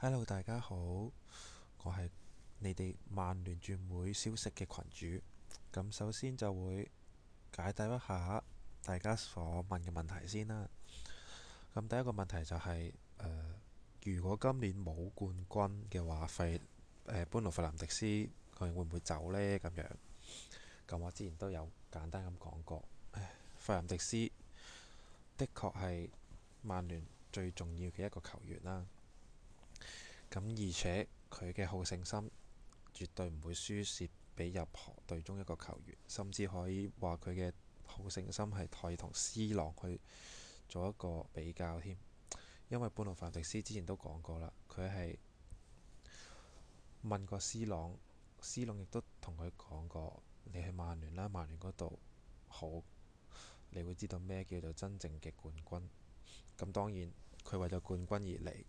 Hello，大家好，我係你哋曼聯轉會消息嘅群主。咁首先就會解答一下大家所問嘅問題先啦。咁第一個問題就係、是、誒、呃，如果今年冇冠軍嘅話，費誒、呃，般奴費林迪斯佢會唔會走呢？咁樣，咁我之前都有簡單咁講過，費林迪斯的確係曼聯最重要嘅一個球員啦。咁而且佢嘅好勝心絕對唔會輸蝕俾任何隊中一個球員，甚至可以話佢嘅好勝心係可以同 C 朗去做一個比較添。因為本路凡迪斯之前都講過啦，佢係問過 C 朗，C 朗亦都同佢講過，你去曼聯啦，曼聯嗰度好，你會知道咩叫做真正嘅冠軍，咁當然佢為咗冠軍而嚟。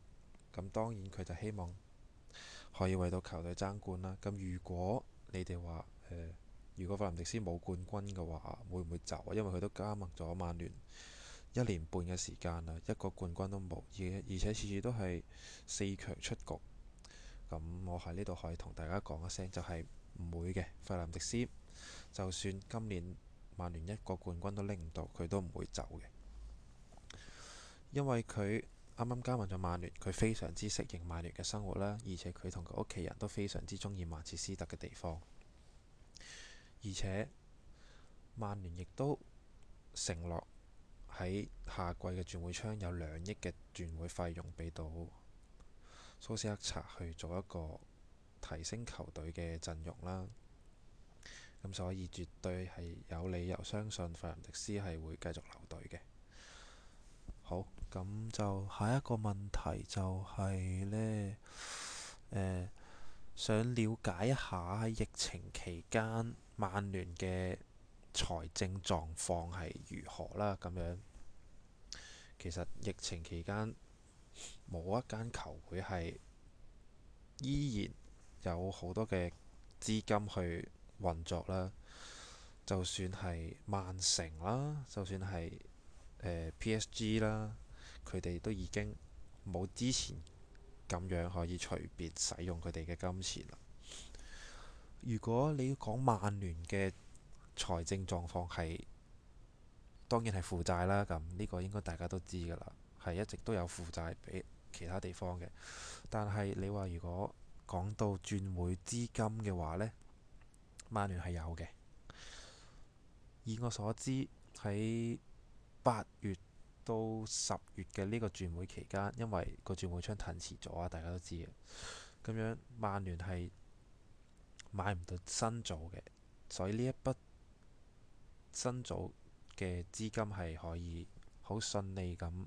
咁當然佢就希望可以為到球隊爭冠啦。咁如果你哋話、呃、如果費南迪斯冇冠軍嘅話，會唔會走？因為佢都加盟咗曼聯一年半嘅時間啦，一個冠軍都冇，而且而且次次都係四強出局。咁我喺呢度可以同大家講一聲，就係、是、唔會嘅。費南迪斯就算今年曼聯一個冠軍都拎唔到，佢都唔會走嘅，因為佢啱啱加盟咗曼聯，佢非常之適應曼聯嘅生活啦，而且佢同佢屋企人都非常之中意曼徹斯特嘅地方。而且曼聯亦都承諾喺下季嘅轉會窗有兩億嘅轉會費用俾到蘇斯克察去做一個提升球隊嘅陣容啦。咁所以絕對係有理由相信費蘭迪斯係會繼續留隊嘅。好，咁就下一個問題就係呢，呃，想了解一下喺疫情期間曼聯嘅財政狀況係如何啦，咁樣。其實疫情期間冇一間球會係依然有好多嘅資金去運作啦，就算係曼城啦，就算係。P.S.G. 啦，佢哋、呃、都已經冇之前咁樣可以隨便使用佢哋嘅金錢啦。如果你要講曼聯嘅財政狀況係當然係負債啦，咁呢個應該大家都知㗎啦，係一直都有負債俾其他地方嘅。但係你話如果講到轉會資金嘅話呢，曼聯係有嘅。以我所知喺八月到十月嘅呢個轉會期間，因為個轉會窗騰遲咗啊，大家都知嘅。咁樣曼聯係買唔到新組嘅，所以呢一筆新組嘅資金係可以好順利咁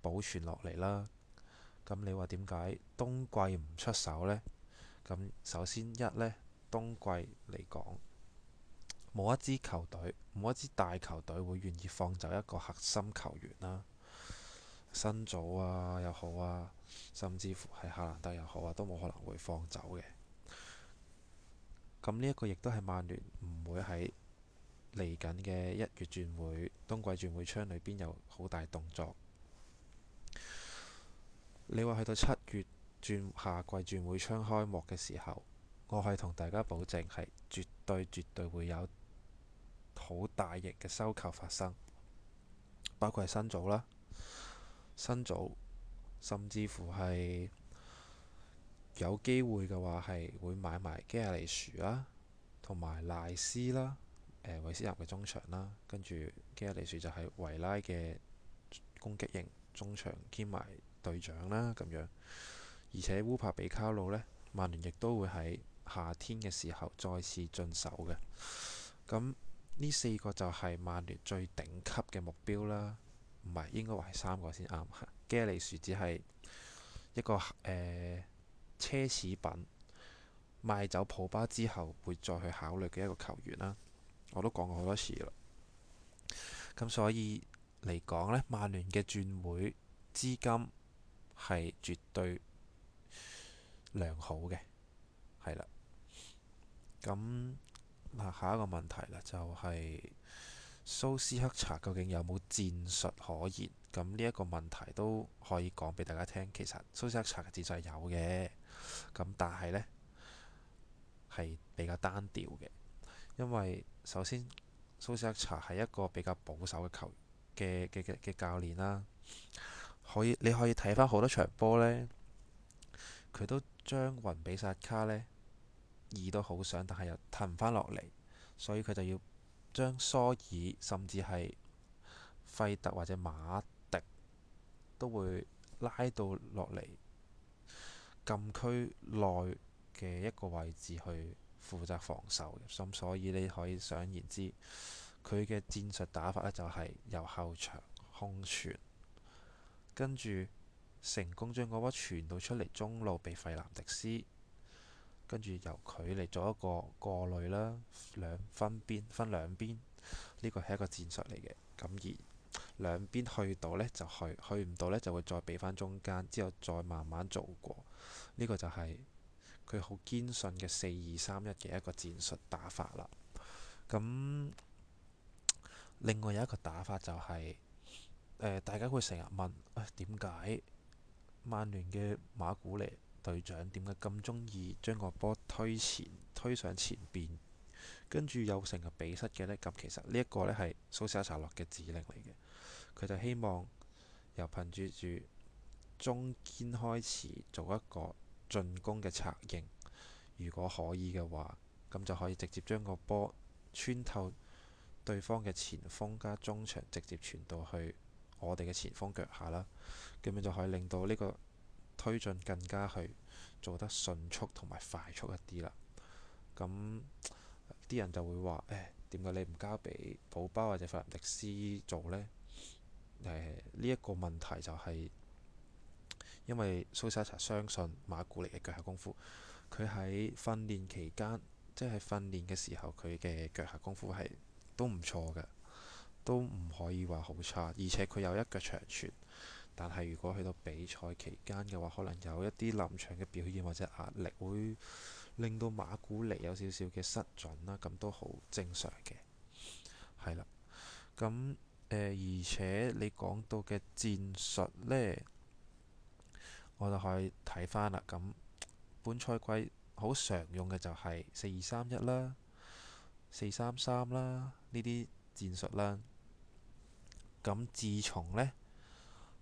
保存落嚟啦。咁你話點解冬季唔出手咧？咁首先一咧，冬季嚟講。冇一支球隊，冇一支大球隊會願意放走一個核心球員啦，新組啊又好啊，甚至乎係夏蘭德又好啊，都冇可能會放走嘅。咁呢一個亦都係曼聯唔會喺嚟緊嘅一月轉會、冬季轉會窗裏邊有好大動作。你話去到七月轉夏季轉會窗開幕嘅時候，我係同大家保證係絕對、絕對會有。好大型嘅收購發生，包括係辛祖啦、辛祖甚至乎係有機會嘅話，係會買埋基亞利殊啦，同埋賴斯啦，誒、呃、韋斯咸嘅中場啦，跟住基亞利殊就係維拉嘅攻擊型中場兼埋隊長啦咁樣。而且烏帕比卡魯咧，曼聯亦都會喺夏天嘅時候再次進手嘅。咁呢四個就係曼聯最頂級嘅目標啦，唔係應該話係三個先啱。基利殊只係一個誒、呃、奢侈品，賣走普巴之後會再去考慮嘅一個球員啦。我都講過好多次啦。咁所以嚟講呢，曼聯嘅轉會資金係絕對良好嘅，係啦。咁嗱，下一個問題啦，就係蘇斯克查究竟有冇戰術可言？咁呢一個問題都可以講俾大家聽。其實蘇斯克查嘅戰術係有嘅，咁但係呢係比較單調嘅，因為首先蘇斯克查係一個比較保守嘅球員嘅嘅嘅教練啦，可以你可以睇翻好多場波呢，佢都將雲比薩卡呢。耳都好想，但係又褪唔翻落嚟，所以佢就要將梭爾甚至係費特或者馬迪都會拉到落嚟禁區內嘅一個位置去負責防守。咁所以你可以想而知，佢嘅戰術打法咧，就係由後場空傳，跟住成功將嗰波傳到出嚟中路，被費蘭迪斯。跟住由佢嚟做一個過濾啦，兩分邊，分兩邊，呢個係一個戰術嚟嘅。咁而兩邊去到呢，就去，去唔到呢，就會再畀翻中間，之後再慢慢做過。呢個就係佢好堅信嘅四二三一嘅一個戰術打法啦。咁另外有一個打法就係呃，大家會成日問啊點解曼聯嘅馬古尼，隊長點解咁中意將個波推前、推上前邊，跟住又成日比塞嘅呢？咁其實呢一個呢係蘇斯查洛嘅指令嚟嘅，佢就希望由憑住住中堅開始做一個進攻嘅策應，如果可以嘅話，咁就可以直接將個波穿透對方嘅前鋒加中場，直接傳到去我哋嘅前鋒腳下啦。咁樣就可以令到呢個。推進更加去做得迅速同埋快速一啲啦，咁啲人就會話：誒點解你唔交俾保包或者弗林迪斯做呢？呢、呃、一、這個問題就係、是、因為蘇莎查相信馬古力嘅腳下功夫，佢喺訓練期間，即、就、係、是、訓練嘅時候，佢嘅腳下功夫係都唔錯嘅，都唔可以話好差，而且佢有一腳長傳。但係如果去到比賽期間嘅話，可能有一啲臨場嘅表現或者壓力，會令到馬古尼有少少嘅失準啦，咁都好正常嘅，係啦。咁、呃、而且你講到嘅戰術呢，我就可以睇翻啦。咁本賽季好常用嘅就係四二三一啦、四三三啦呢啲戰術啦。咁自從呢。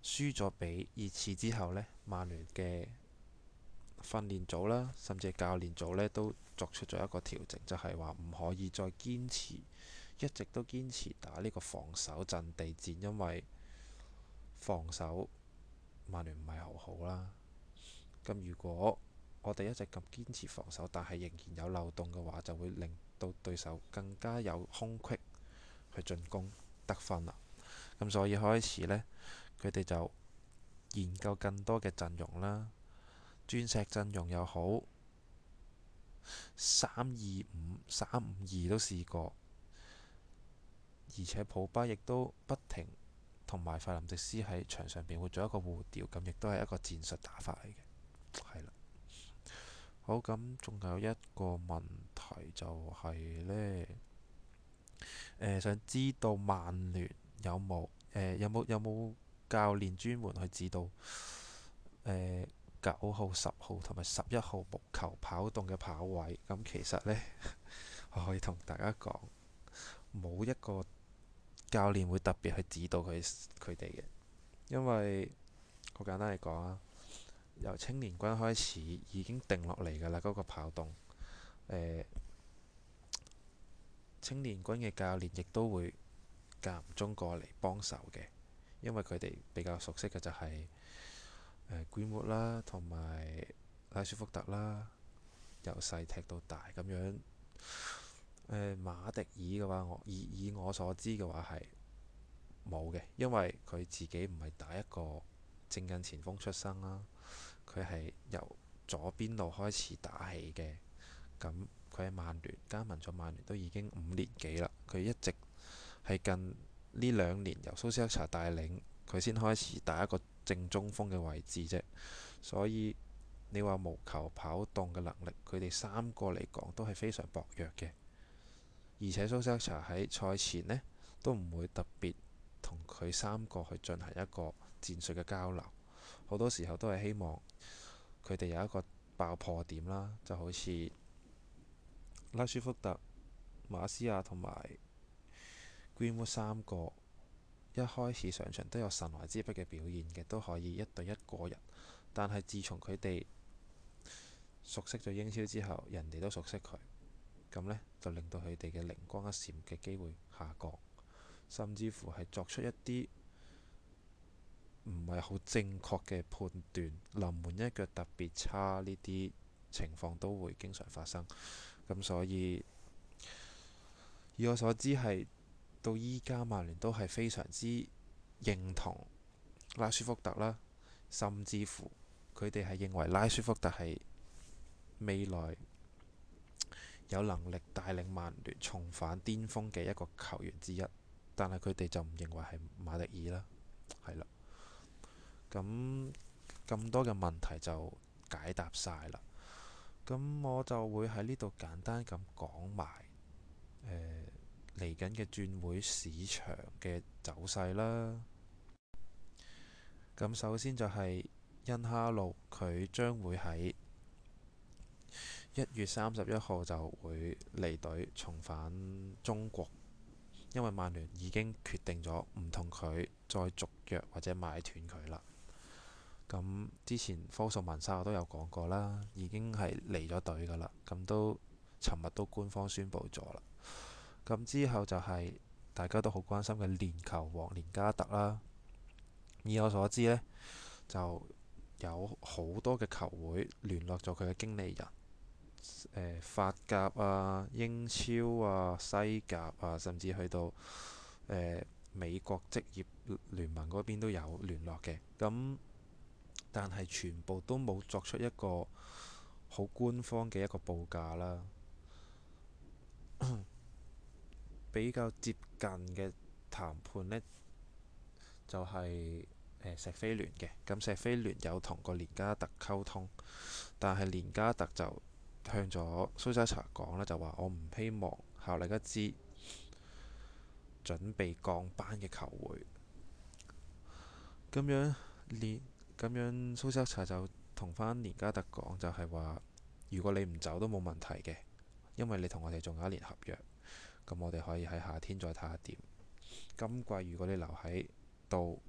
輸咗比熱刺之後呢，曼聯嘅訓練組啦，甚至教練組呢，都作出咗一個調整，就係話唔可以再堅持一直都堅持打呢個防守陣地戰，因為防守曼聯唔係好好啦。咁如果我哋一直咁堅持防守，但係仍然有漏洞嘅話，就會令到對手更加有空隙去進攻得分啦。咁所以開始呢。佢哋就研究更多嘅陣容啦，鑽石陣容又好，三二五三五二都試過，而且普巴亦都不停同埋費林迪斯喺場上邊會做一個互調，咁亦都係一個戰術打法嚟嘅，係啦。好咁，仲有一個問題就係、是、呢，誒、呃、想知道曼聯有冇誒有冇、呃、有冇？有教練專門去指導誒九、呃、號、十號同埋十一號木球跑動嘅跑位。咁、嗯、其實呢， 我可以同大家講，冇一個教練會特別去指導佢佢哋嘅，因為好簡單嚟講啊，由青年軍開始已經定落嚟㗎啦。嗰、那個跑動誒、呃，青年軍嘅教練亦都會間唔中過嚟幫手嘅。因為佢哋比較熟悉嘅就係誒圭末啦，同埋拉舒福特啦，由細踢到大咁樣。誒、呃、馬迪爾嘅話，我以以我所知嘅話係冇嘅，因為佢自己唔係打一個正印前鋒出身啦，佢係由左邊路開始打起嘅。咁佢喺曼聯加盟咗曼聯都已經五年幾啦。佢一直係近呢兩年由蘇斯克查帶領，佢先開始打一個正中鋒嘅位置啫。所以你話無球跑動嘅能力，佢哋三個嚟講都係非常薄弱嘅。而且蘇斯克查喺賽前呢都唔會特別同佢三個去進行一個戰術嘅交流，好多時候都係希望佢哋有一個爆破點啦，就好似拉舒福特、馬斯亞同埋。Greenwood 三個一開始上場都有神來之筆嘅表現嘅，都可以一對一過人。但係自從佢哋熟悉咗英超之後，人哋都熟悉佢，咁呢，就令到佢哋嘅靈光一閃嘅機會下降，甚至乎係作出一啲唔係好正確嘅判斷，臨門一腳特別差呢啲情況都會經常發生。咁所以以我所知係。到依家，曼聯都係非常之認同拉舒福特啦，甚至乎佢哋係認為拉舒福特係未來有能力帶領曼聯重返巔峰嘅一個球員之一。但係佢哋就唔認為係馬迪爾啦，係啦。咁咁多嘅問題就解答晒啦。咁我就會喺呢度簡單咁講埋誒。嚟緊嘅轉會市場嘅走勢啦。咁首先就係、是、恩哈路，佢將會喺一月三十一號就會離隊，重返中國。因為曼聯已經決定咗唔同佢再續約或者買斷佢啦。咁之前科索文沙我都有講過啦，已經係離咗隊噶啦。咁都尋日都官方宣布咗啦。咁之後就係大家都好關心嘅連球王連加特啦。以我所知呢，就有好多嘅球會聯絡咗佢嘅經理人、呃，法甲啊、英超啊、西甲啊，甚至去到、呃、美國職業聯盟嗰邊都有聯絡嘅。咁但係全部都冇作出一個好官方嘅一個報價啦。 比較接近嘅談判呢，就係、是、誒、呃、石飛聯嘅。咁石飛聯有同個連加特溝通，但係連加特就向咗蘇西茶講呢就話我唔希望效力一支準備降班嘅球會。咁樣連咁樣蘇西茶就同返連加特講，就係話如果你唔走都冇問題嘅，因為你同我哋仲有一年合約。咁我哋可以喺夏天再睇下點。今季如果你留喺度，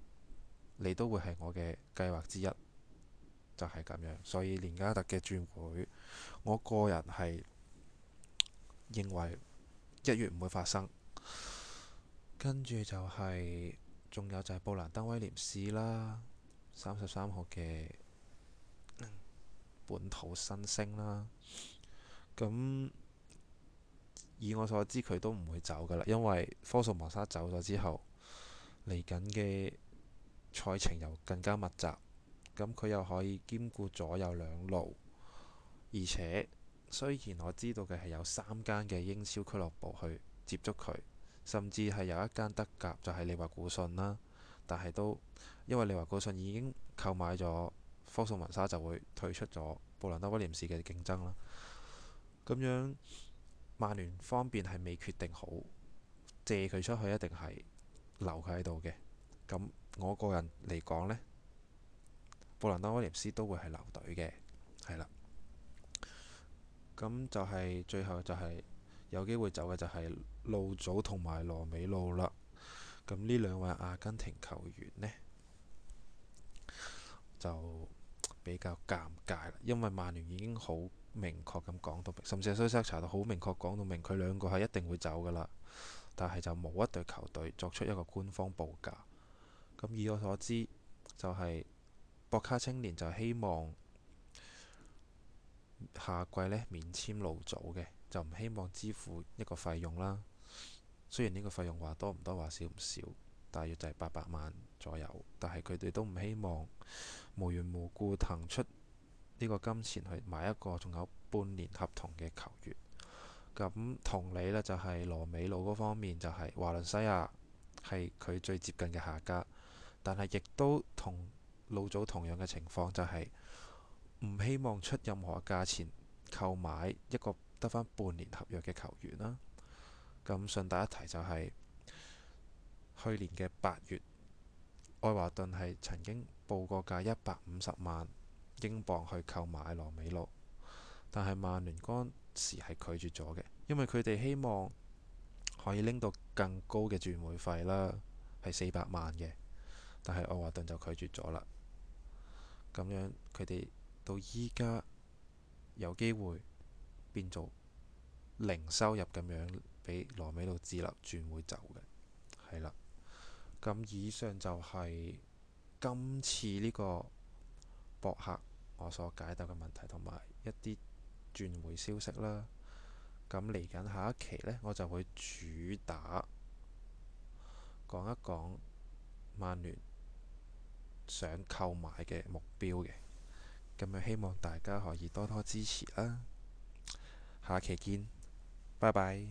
你都會係我嘅計劃之一，就係咁樣。所以連加特嘅轉會，我個人係認為一月唔會發生。跟住就係，仲有就係布蘭登威廉斯啦，三十三號嘅本土新星啦，咁。以我所知，佢都唔會走噶啦，因為科索文沙走咗之後，嚟緊嘅賽程又更加密集，咁佢又可以兼顧左右兩路，而且雖然我知道嘅係有三間嘅英超俱樂部去接觸佢，甚至係有一間德甲就係利華古遜啦，但係都因為利華古遜已經購買咗科索文沙，就會退出咗布蘭德威廉士嘅競爭啦，咁樣。曼聯方面係未決定好借佢出去，一定係留佢喺度嘅。咁我個人嚟講呢，布蘭登威廉斯都會係留隊嘅，係啦。咁就係最後就係有機會走嘅就係路祖同埋羅美路啦。咁呢兩位阿根廷球員呢，就比較尷尬啦，因為曼聯已經好明確咁講到明，甚至係衰衰查到好明確講到明，佢兩個係一定會走噶啦。但係就冇一隊球隊作出一個官方報價。咁以我所知，就係、是、博卡青年就希望下季呢免簽老組嘅，就唔希望支付一個費用啦。雖然呢個費用話多唔多話少唔少，大約就係八百萬左右，但係佢哋都唔希望無緣無故騰出。呢個金錢去買一個仲有半年合同嘅球員，咁同理呢，就係羅美魯嗰方面就係華倫西亞係佢最接近嘅下家，但係亦都同老祖同樣嘅情況，就係唔希望出任何價錢購買一個得返半年合約嘅球員啦。咁順帶一提就係去年嘅八月，愛華頓係曾經報過價一百五十萬。英鎊去購買羅美魯，但係曼聯嗰時係拒絕咗嘅，因為佢哋希望可以拎到更高嘅轉會費啦，係四百萬嘅，但係愛華頓就拒絕咗啦。咁樣佢哋到依家有機會變做零收入咁樣，俾羅美魯自立轉會走嘅，係啦。咁以上就係今次呢個博客。我所解答嘅問題同埋一啲轉會消息啦，咁嚟緊下一期呢，我就會主打講一講曼聯想購買嘅目標嘅，咁樣希望大家可以多多支持啦！下期見，拜拜。